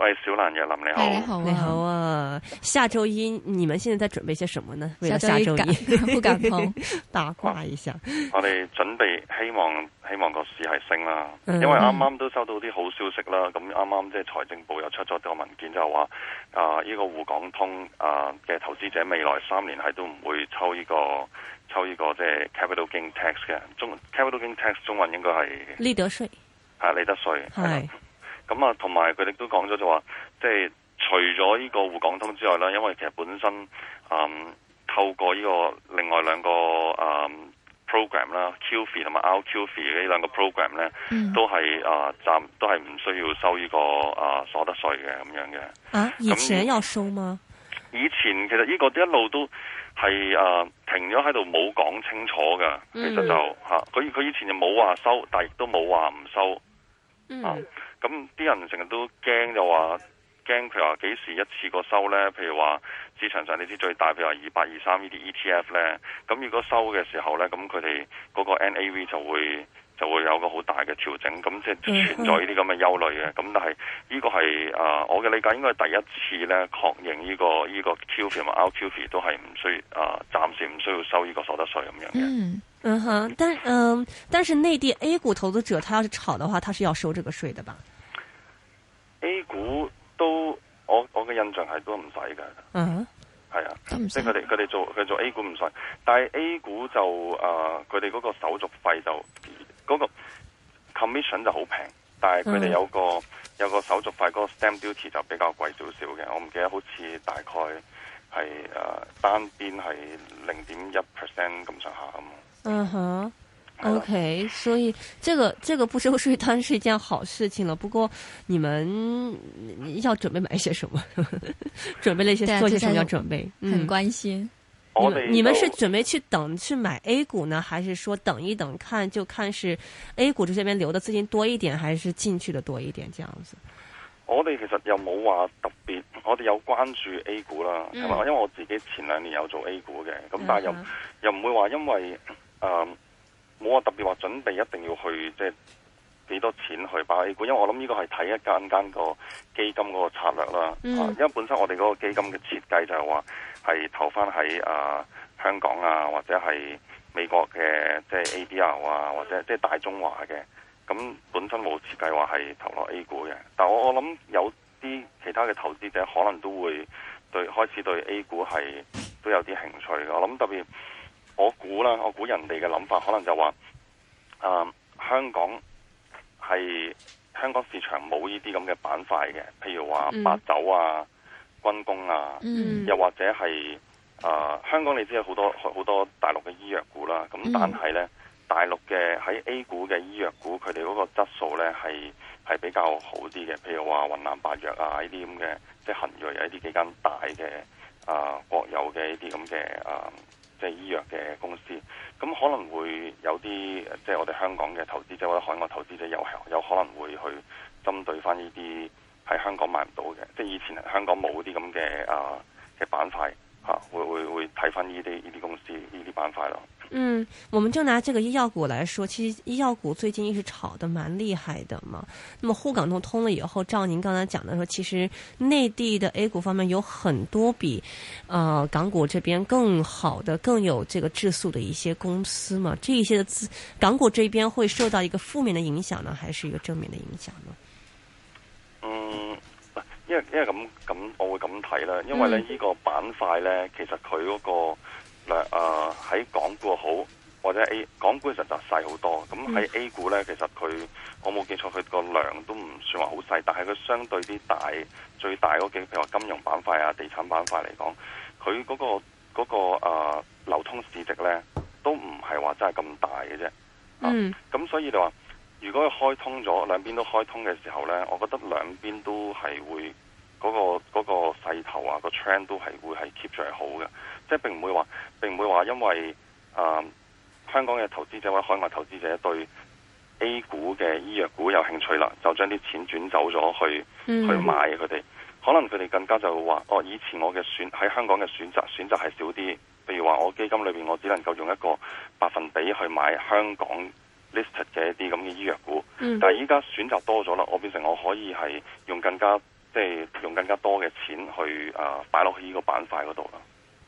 喂，小蘭若林，你好，哎你好啊，你好啊！下周一，你們現在在準備些什麼呢？為了下周一，下周一 不敢拋控，八 卦一下。啊、我哋準備希望，希望個市係升啦，嗯，因為啱啱都收到啲好消息啦。咁啱啱即係財政部又出咗個文件，就話啊，呢、這個滬港通啊嘅投資者未來三年係都唔會抽呢個抽呢個即係 capital gain tax 嘅，中 capital gain tax 中文應該係利得稅，係、啊、利得稅，係。啊咁、嗯、啊，同埋佢哋都講咗就話，即係除咗呢個滬港通之外啦，因為其實本身嗯透過呢個另外兩個誒、嗯、program 啦，Q f i 同埋 RQ f i 呢兩個 program 咧、嗯，都係啊，暫都係唔需要收呢、呢個啊所得稅嘅咁樣嘅。啊，啊以前要收嗎？以前其實呢個一路都係啊停咗喺度冇講清楚嘅、嗯，其實就嚇佢佢以前就冇話收，但亦都冇話唔收。嗯。啊咁啲人成日都驚就話驚佢話幾時一次過收呢？譬如話市場上呢啲最大，譬如話二八二三呢啲 ETF 呢。咁如果收嘅時候呢，咁佢哋嗰個 NAV 就會就會有個好大嘅調整，咁即係存在呢啲咁嘅憂慮嘅。咁、哎、但係呢個係、呃、我嘅理解應該係第一次咧確認呢、這個呢、這個 Q 費或 R Q 費都係唔需啊，暫、呃、時唔需要收呢個所得稅咁樣嘅。嗯嗯，哈，但嗯、呃，但是內地 A 股投資者，他要是炒的話，他是要收這個稅的吧？A 股都我我嘅印象係都唔使嘅，嗯，係啊，即係佢哋佢哋做佢做 A 股唔使，但係 A 股就啊，佢哋嗰個手續費就。嗰、那個 commission 就好平，但係佢哋有個、嗯、有個手續費，嗰、那個 stamp duty 就比較貴少少嘅。我唔記得好似大概係誒、呃、單邊係零點一 percent 咁上下啊，嗯哼、嗯、OK，嗯 okay 嗯，所以即係、這個即係、這個不收稅，當然係一件好事情啦。不過你們要準備買一些什麼？ 準備了一些做些什麼準備？嗯，很關心。嗯你們，我們就你們是準備去等去買 A 股呢，還是說等一等看，就看是 A 股這邊留的資金多一點，還是進去的多一點？這樣子，我哋其實又冇話特別，我哋有關注 A 股啦、嗯，因為我自己前兩年有做 A 股嘅，咁、嗯、但係又、啊、又唔會話因為，誒、呃，冇話特別話準備一定要去即係。就是幾多錢去擺 A 股？因為我諗呢個係睇一間間個基金嗰個策略啦，嗯。因為本身我哋嗰個基金嘅設計就係話係投翻喺啊香港啊，或者係美國嘅即係 ADR 啊，或者即係、就是、大中華嘅。咁本身冇設計話係投落 A 股嘅。但我我諗有啲其他嘅投資者可能都會對開始對 A 股係都有啲興趣嘅。我諗特別我估啦，我估人哋嘅諗法可能就話啊香港。係香港市場冇呢啲咁嘅板塊嘅，譬如話白酒啊、嗯、軍工啊，嗯、又或者係啊、呃、香港你知有好多好多大陸嘅醫藥股啦。咁但係呢、嗯，大陸嘅喺 A 股嘅醫藥股，佢哋嗰個質素呢係係比較好啲嘅。譬如話雲南白藥啊，呢啲咁嘅即係恆瑞，就是、有一啲幾間大嘅啊、呃、國有嘅呢啲咁嘅啊即係醫藥嘅公司。咁可能會有啲，即係我哋香港嘅投資者或者海外投資者有係有可能會去針對翻呢啲喺香港買唔到嘅，即係以前香港冇啲咁嘅啊嘅板塊嚇、啊，會會會睇翻呢啲呢啲公司呢啲板塊咯。嗯，我們就拿這個醫藥股來說，其實醫藥股最近一直炒得蠻厲害的嘛。那麼滬港通通了以後，照您剛才講的說，其實內地的 A 股方面有很多比呃港股這邊更好的、更有這個質素的一些公司嘛。這一些的資，港股這邊會受到一個負面的影響呢，還是一個正面的影響呢？嗯，因為因為咁咁我會咁睇啦，因為呢呢、嗯這個板塊呢，其實佢嗰、那個。誒、呃，喺港股好，或者 A 港股，其實就細好多。咁喺 A 股呢，其實佢我冇記錯，佢個量都唔算話好細。但係佢相對啲大，最大嗰幾個譬如話金融板塊啊、地產板塊嚟講，佢嗰、嗰個、嗰個誒、呃、流通市值呢，都唔係話真係咁大嘅啫。嗯。咁、啊、所以就話，如果佢開通咗兩邊都開通嘅時候呢，我覺得兩邊都係會嗰、嗰個嗰、嗰個勢頭啊，個 trend 都係會係 keep 住係好嘅。即係並唔會話，並唔會話，因為啊、呃，香港嘅投資者或者海外投資者對 A 股嘅醫藥股有興趣啦，就將啲錢轉走咗去、嗯、去買佢哋。可能佢哋更加就話，哦，以前我嘅選喺香港嘅選擇選擇係少啲，譬如話我基金裏邊我只能夠用一個百分比去買香港 listed 嘅一啲咁嘅醫藥股。嗯、但係依家選擇多咗啦，我變成我可以係用更加即係用更加多嘅錢去啊擺落去呢個板塊嗰度啦。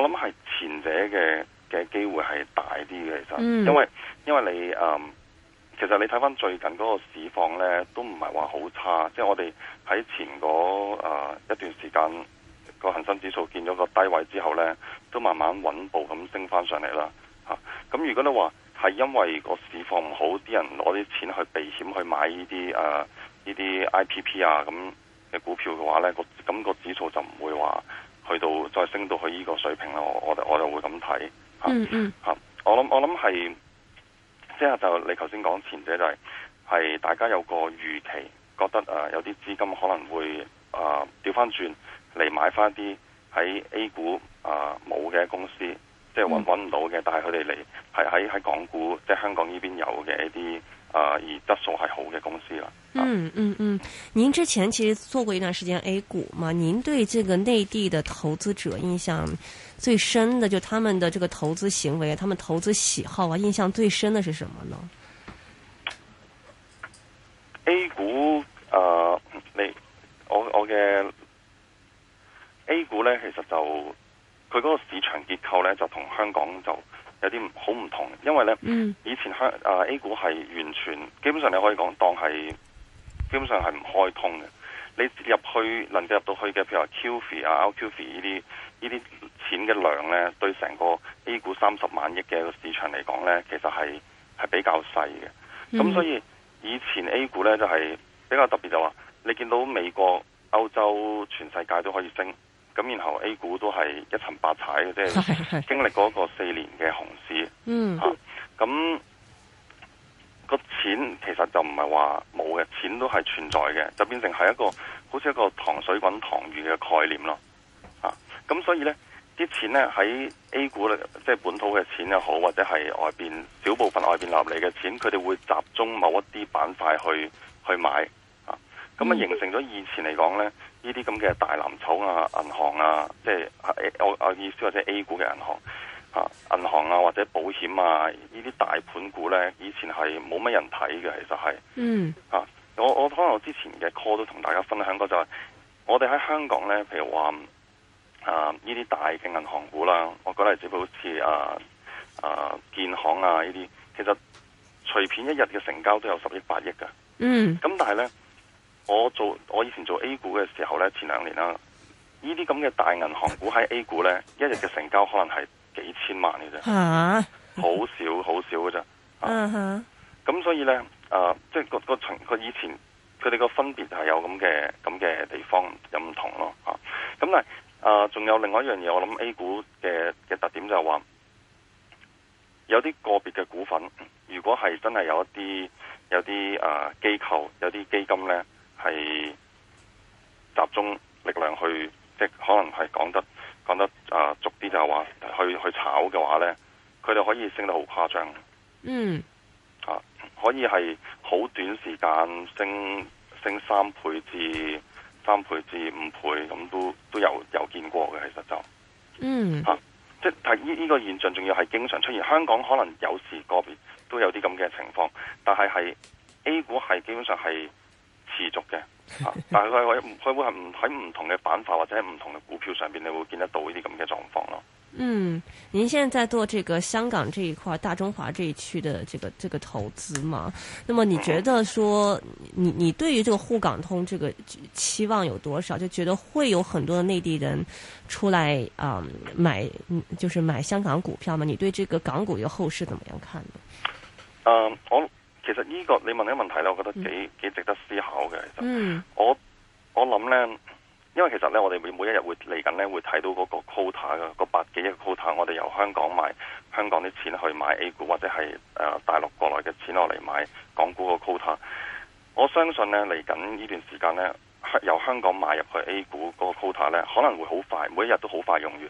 我諗係前者嘅嘅機會係大啲嘅，其實，因為因為你誒，其實你睇翻最近嗰個市況咧，都唔係話好差，即係我哋喺前嗰誒一段時間個恒生指數見咗個低位之後咧，都慢慢穩步咁升翻上嚟啦。吓，咁如果你話係因為個市況唔好，啲人攞啲錢去避險去買呢啲誒呢啲 I P P 啊咁嘅股票嘅話咧，咁個指數就唔會話。去到再升到去呢個水平啦，我我我就會咁睇嚇嚇。我諗，我諗係即係就你頭先講，前者就係、是、係大家有個預期覺得誒有啲資金可能會誒調翻轉嚟買翻啲喺 A 股啊冇嘅公司，即係揾揾唔到嘅，但係佢哋嚟係喺喺港股即係、就是、香港呢邊有嘅一啲。啊，而質素係好嘅公司啦。嗯嗯嗯，您之前其實做過一段時間 A 股嘛？您對這個內地的投資者印象最深的，就他們的這個投資行為，他們投資喜好啊，印象最深的是什麼呢？A 股，誒、呃，你我我嘅 A 股呢，其實就佢嗰個市場結構呢，就同香港就。有啲好唔同，因為呢，嗯、以前香 A 股係完全，基本上你可以講當係，基本上係唔開通嘅。你入去能夠入到去嘅，譬如話 QFII 啊、RQFII 呢啲呢啲錢嘅量呢，對成個 A 股三十萬億嘅市場嚟講呢，其實係係比較細嘅。咁、嗯、所以以前 A 股呢，就係、是、比較特別就話、是，你見到美國、歐洲、全世界都可以升。咁然後 A 股都係一沉百踩嘅，即 係經歷過一個四年嘅熊市。嗯、 啊，咁個錢其實就唔係話冇嘅，錢都係存在嘅，就變成係一個好似一個糖水滾糖漿嘅概念咯。啊，咁所以呢啲錢呢，喺 A 股，即、就、係、是、本土嘅錢又好，或者係外邊少部分外邊流嚟嘅錢，佢哋會集中某一啲板塊去去買。啊，咁啊形成咗以前嚟講呢，呢啲咁嘅大藍籌啊，銀行啊，即係 A 我我意思或者 A 股嘅銀行、啊、行啊，銀行啊或者保險啊，盤呢啲大盤股咧，以前係冇乜人睇嘅，其實係嗯、mm. 啊，我我可能我之前嘅 call 都同大家分享過、就是，就係我哋喺香港咧，譬如話啊呢啲大嘅銀行股啦，我覺得係隻好似啊啊建行啊呢啲，其實隨便一日嘅成交都有十億八億噶，嗯、mm. 啊，咁但係咧。我做我以前做 A 股嘅時候呢，前兩年啦，呢啲咁嘅大銀行股喺 A 股呢，一日嘅成交可能係幾千萬嘅啫、啊，好少好少嘅啫，咁、啊啊、所以呢，呃、即係個個情以前佢哋個分別係有咁嘅咁嘅地方有唔同咯，咁、啊、但係仲、呃、有另外一樣嘢，我諗 A 股嘅嘅特點就係、係、話，有啲個別嘅股份，如果係真係有一啲有啲誒、啊、機構有啲基金呢。係集中力量去，即係可能係講得講得啊，俗啲就係話去去炒嘅話咧，佢哋可以升得好誇張。嗯，啊，可以係好短時間升升三倍至三倍至五倍，咁都都有有見過嘅，其實就嗯吓、啊，即係呢呢個現象，仲要係經常出現。香港可能有時個別都有啲咁嘅情況，但係係 A 股係基本上係持續。 啊、但係佢會佢會係唔喺唔同嘅板塊或者唔同嘅股票上邊，你會見得到呢啲咁嘅狀況咯。嗯，您現在在做這個香港這一塊、大中華這一區的這個這個投資嘛？那麼你覺得說你，你、嗯、你對於這個滬港通這個期望有多少？就覺得會有很多的內地人出來啊、呃、買，就是買香港股票嘛？你對這個港股嘅後市怎麼樣看呢？嗯，我其實呢、這個你問啲問題咧，我覺得幾幾值得思考嘅。其實我我諗咧，因為其實呢，我哋每每一日會嚟緊呢，會睇到嗰個 quota 嘅，個百幾億 quota，我哋由香港買香港啲錢去買 A 股，或者係誒、呃、大陸國內嘅錢落嚟買港股個 quota。我相信呢，嚟緊呢段時間呢，由香港買入去 A 股嗰個 quota 呢，可能會好快，每一日都好快用完。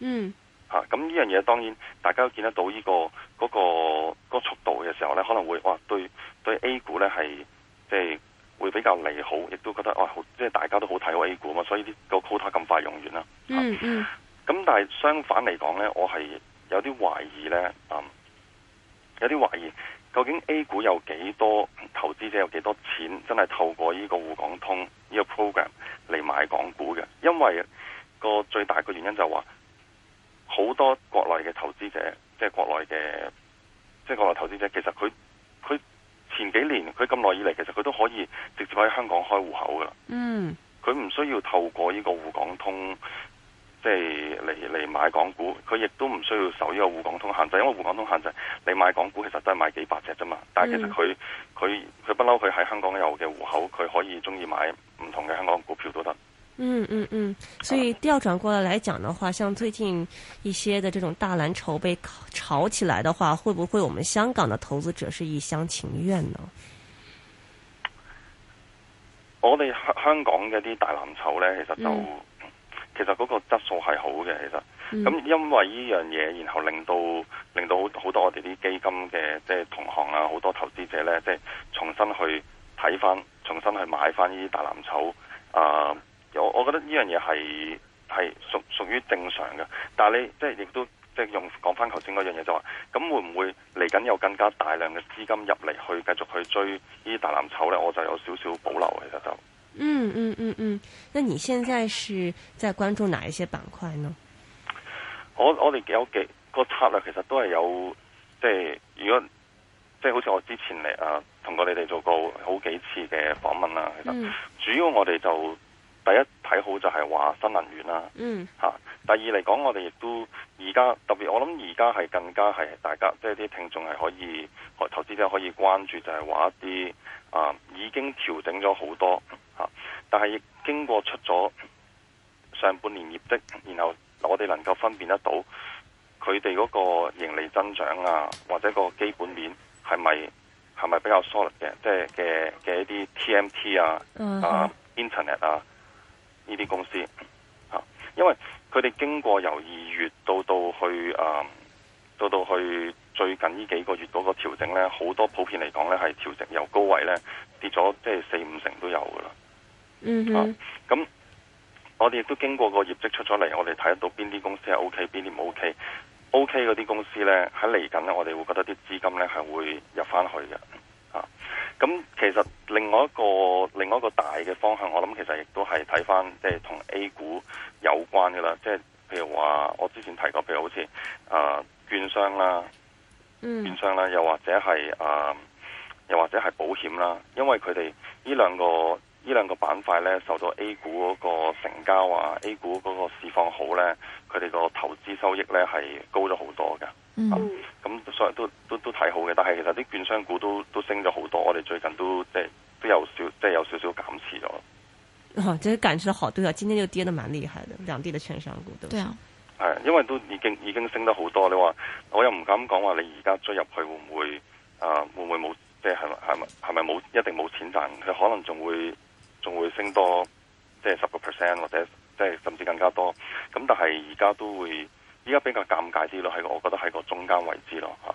嗯。咁、啊、呢樣嘢當然，大家都見得到呢、這個嗰、那個嗰、那個速度嘅時候呢，可能會哇對，對 A 股呢係即係會比較利好，亦都覺得哇即係、就是、大家都好睇好 A 股嘛，所以啲個 quota 咁快用完啦。咁、啊嗯嗯啊、但係相反嚟講呢，我係有啲懷疑呢，啊、有啲懷疑究竟 A 股有幾多投資者有幾多錢真係透過呢個滬港通呢個 program 嚟買港股嘅？因為個最大嘅原因就係話。好多國內嘅投資者，即係國內嘅，即係國內投資者，其實佢佢前幾年佢咁耐以嚟，其實佢都可以直接喺香港開戶口噶啦。嗯，佢唔需要透過呢個滬港通，即係嚟嚟買港股，佢亦都唔需要受呢個滬港通限制，因為滬港通限制，你買港股其實都係買幾百隻啫嘛。但係其實佢佢佢不嬲，佢、mm. 喺香港有嘅戶口，佢可以鍾意買唔同嘅香港股票都得。嗯嗯嗯，所以調轉過來來講的話，像最近一些的這種大藍籌被炒起來的話，會不會我們香港的投資者是一廂情願呢？我哋香港嘅啲大藍籌呢，其實就、嗯、其實嗰個質素係好嘅，其實咁、嗯、因為呢樣嘢，然後令到令到好多我哋啲基金嘅同行啊，好多投資者呢，即重新去睇翻，重新去買翻呢啲大藍籌啊。呃我我覺得呢樣嘢係係屬屬於正常嘅，但係你即係亦都即係用講翻頭先嗰樣嘢，就話咁會唔會嚟緊有更加大量嘅資金入嚟去繼續去追呢啲大藍籌呢？我就有少少保留，其實就嗯嗯嗯嗯。那你現在是在關注哪一些板塊呢？我我哋有幾個策略，其實都係有即係如果即係，好似我之前嚟啊，同過你哋做過好幾次嘅訪問啦。其實、嗯、主要我哋就。第一睇好就係話新能源啦、嗯，第二嚟講，我哋亦都而家特別，我諗而家係更加係大家，即係啲聽眾係可以，投資者可以關注就是說，就係話一啲啊已經調整咗好多嚇、啊，但係亦經過出咗上半年業績，然後我哋能夠分辨得到佢哋嗰個盈利增長啊，或者個基本面係咪係咪比較 solid 嘅，即係嘅嘅一啲 TMT 啊，嗯、啊 Internet 啊。呢啲公司，吓、啊，因為佢哋經過由二月到到去誒、啊，到到去最近呢幾個月嗰個調整咧，好多普遍嚟講咧係調整由高位咧跌咗，即係四五成都有噶啦。嗯哼，咁、啊、我哋亦都經過個業績出咗嚟，我哋睇得到邊啲公司係 O K，邊啲唔 O K。O K 嗰啲公司咧喺嚟緊咧，我哋會覺得啲資金咧係會入翻去嘅，啊。咁其實另外一個，另外一個大嘅方向，我諗其實亦都係睇翻即係同 A 股有關嘅啦，即係譬如話我之前提過，譬如好似啊券商啦，券商啦，又或者係啊又或者係保險啦，因為佢哋呢兩個。呢兩個板塊咧，受到 A 股嗰個成交啊、mm -hmm.，A 股嗰個市況好咧，佢哋個投資收益咧係高咗好多噶、mm -hmm. 嗯。嗯，咁所以都都都睇好嘅。但係其實啲券商股都都升咗好多，我哋最近都即係都，都有少即係有少少減持咗。啊、哦，即係減持好多啊！今天就跌得蠻厲害的，兩地的券商股都。對啊，係，因為都已經已經升得好多。你話我又唔敢講話，你而家追入去會唔會啊、呃？會唔會冇即係係咪係咪冇一定冇錢賺？佢可能仲會。仲會升多，即係十個 percent 或者，即係甚至更加多。咁但係而家都會，而家比較尷尬啲咯，係我覺得係個中間位置咯嚇。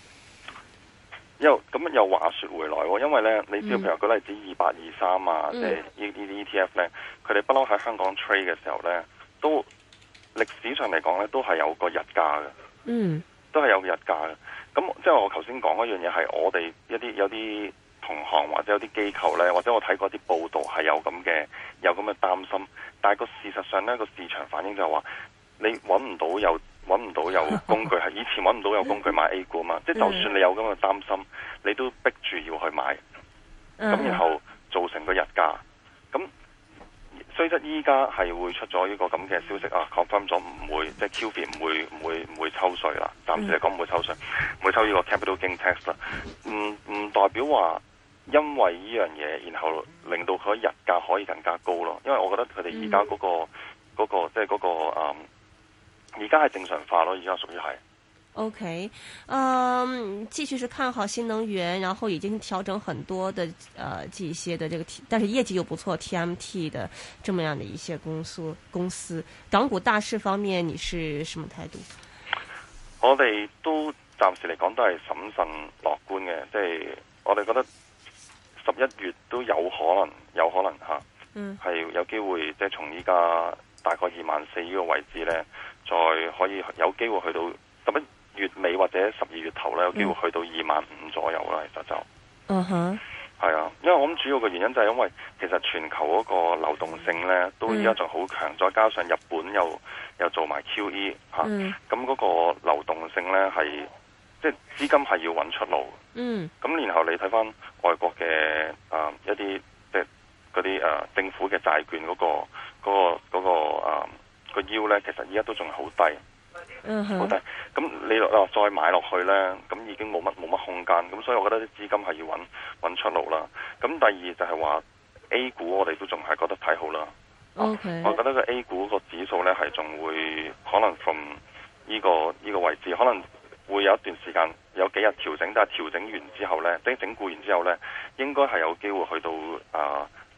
又咁又話說回來喎、哦，因為呢，你啲譬如舉例子二八二三啊，即係呢啲 ETF 呢，佢哋不嬲喺香港 trade 嘅時候呢，都歷史上嚟講呢，都係有個日價嘅，嗯，都係有個日價嘅。咁即係我頭先講嗰樣嘢，係我哋一啲有啲同行或者有啲機構呢，或者我睇過啲報道係有咁嘅，有咁嘅擔心。但係個事實上呢，個市場反應就係話，你揾唔到有，揾唔到有工具，係 以前揾唔到有工具買 A 股嘛？ 即係就算你有咁嘅擔心，你都逼住要去買，咁 然後造成個日價咁。雖則依家係會出咗呢個咁嘅消息啊，confirm 咗唔會即係 QB 唔會唔會唔會抽稅啦，暫時嚟講唔會抽稅，唔 會抽呢個 capital gain tax 啦。唔、嗯、唔代表話因為呢樣嘢，然後令到佢日價可以更加高咯。因為我覺得佢哋而家嗰個、 嗰個、嗰個、即係、嗰、嗰個啊。嗯而家係正常化咯，而家屬於係。OK，嗯，繼續是看好新能源，然後已經調整很多的，呃，幾些的這個但是業績又不錯 T M T 的這麼樣的一些公司。公司港股大市方面，你是什麼態度？我哋都暫時嚟講都係審慎樂觀嘅，即係我哋覺得十一月都有可能，有可能吓，嗯，係有機會即係從依家大概二萬四呢個位置咧。再可以有機會去到十一月尾或者十二月頭咧，有機會去到二萬五左右啦，其實就嗯哼，係、mm、啊 -hmm.，因為我諗主要嘅原因就係因為其實全球嗰個流動性咧都依家仲好強，mm -hmm. 再加上日本又又做埋 QE 吓、啊，咁、mm、嗰 -hmm. 個流動性咧係即係資金係要搵出路。嗯，咁然後你睇返外國嘅啊、呃、一啲即係嗰啲啊政府嘅債券嗰、那個嗰、那個、那個呃個腰呢，其實依家都仲係好低，好、uh -huh. 低。咁你再買落去呢，咁已經冇乜冇乜空間。咁所以我覺得啲資金係要搵搵出路啦。咁第二就係話 A 股我哋都仲係覺得睇好啦。Okay. Uh, 我覺得個 A 股個指數呢，係仲會可能從呢、這個呢、這個位置，可能會有一段時間有幾日調整，但係調整完之後呢，等整固完之後呢，應該係有機會去到啊。呃